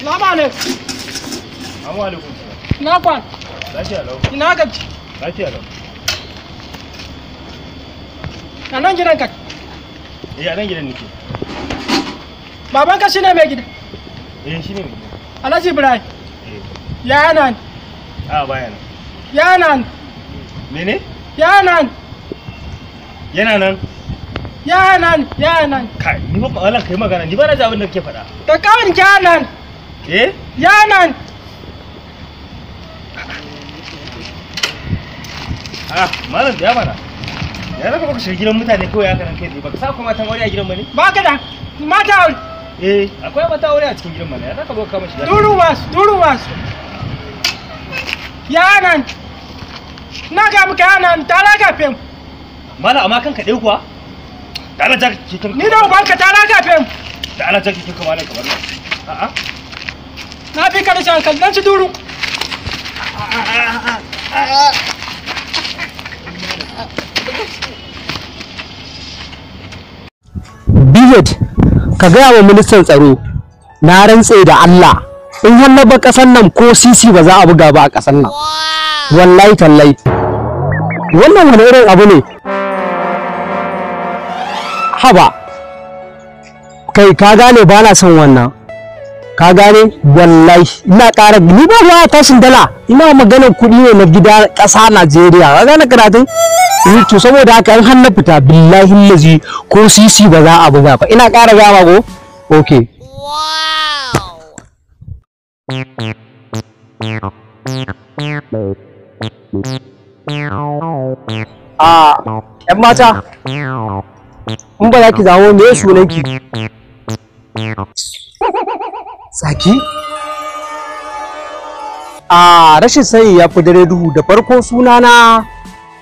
Salamu alaikum. Salamu alaikum. Ina kwan? Lafiya lau. Ina gaji? Lafiya lau. A nan gidan ka? Eh, a nan gidan nake. Baban ka shine mai gida? Eh, shine mai gida. Alhaji Ibrahim. Eh. Ya nan. A baya nan. Ya nan. Mene? Ya nan. Yana nan. Ya nan, ya nan. Kai, ni ba ka kai magana, ni ba na ji abin da kake faɗa. Ka kawai ya nan. eh ya nan ah malam dia ya mana ya nak baka shiga gidan mutane ni kau yang kai baka sa kuma matan aure a gidan bane ba ka da mata aure eh yang mata aure a cikin gidan mana ya zaka baka kama shiga duru mas, duru mas. ya nan na ga muka ya nan tara ka fem mala amma kanka dai kuwa tara ta ki kanka ni da ubanka tara ka fem tara ta ki kanka Ah kamar na fi ka rashin hankali dan ci duru Bizet ka gaya wa ministan tsaro na rantse da Allah in har na ba ƙasar nan ko sisi ba za a buga ba a ƙasar nan wallahi tallahi wannan wani irin abu ne haba kai ka gane ba na son wannan ka gane wallahi ina ƙara ni ba ma tashin dala ina maganar kuɗi ne na gida ƙasa Najeriya ka gane karatun eh to saboda haka an har na fita billahi lazi ko sisi ba za a buga ba ina ƙara gama go okay a yan mata in ba za ki zawo sunanki tsaki a rashin sani ya fi dare duhu da farko sunana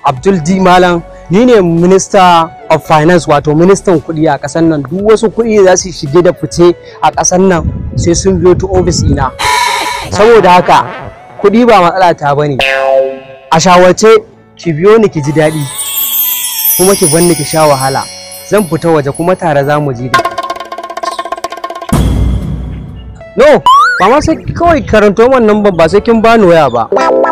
abdul d malam ni ne minista of finance wato ministan kuɗi a ƙasar nan duk wasu kuɗi za su shige da fice a ƙasar nan sai sun biyo ta ofis ina saboda haka kuɗi ba matsala ta bane a shawarce ki biyo ni ki ji daɗi kuma ki bar ni ki sha wahala zan fita waje kuma tare za mu je da no mama sai kawai karanto wannan ban ba sai kin bani waya ba 090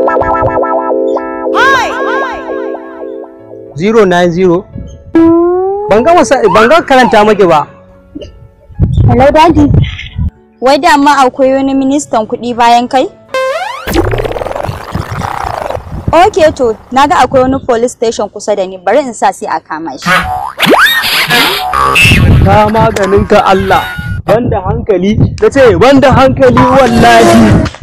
ban ga ban ga karanta miki ba hello daddy wai da ma akwai wani ministan kuɗi bayan kai ok to na ga akwai wani police station kusa da ni bari in sa sai a kama shi ka maganin ka Allah banda hankali na ce banda hankali wallahi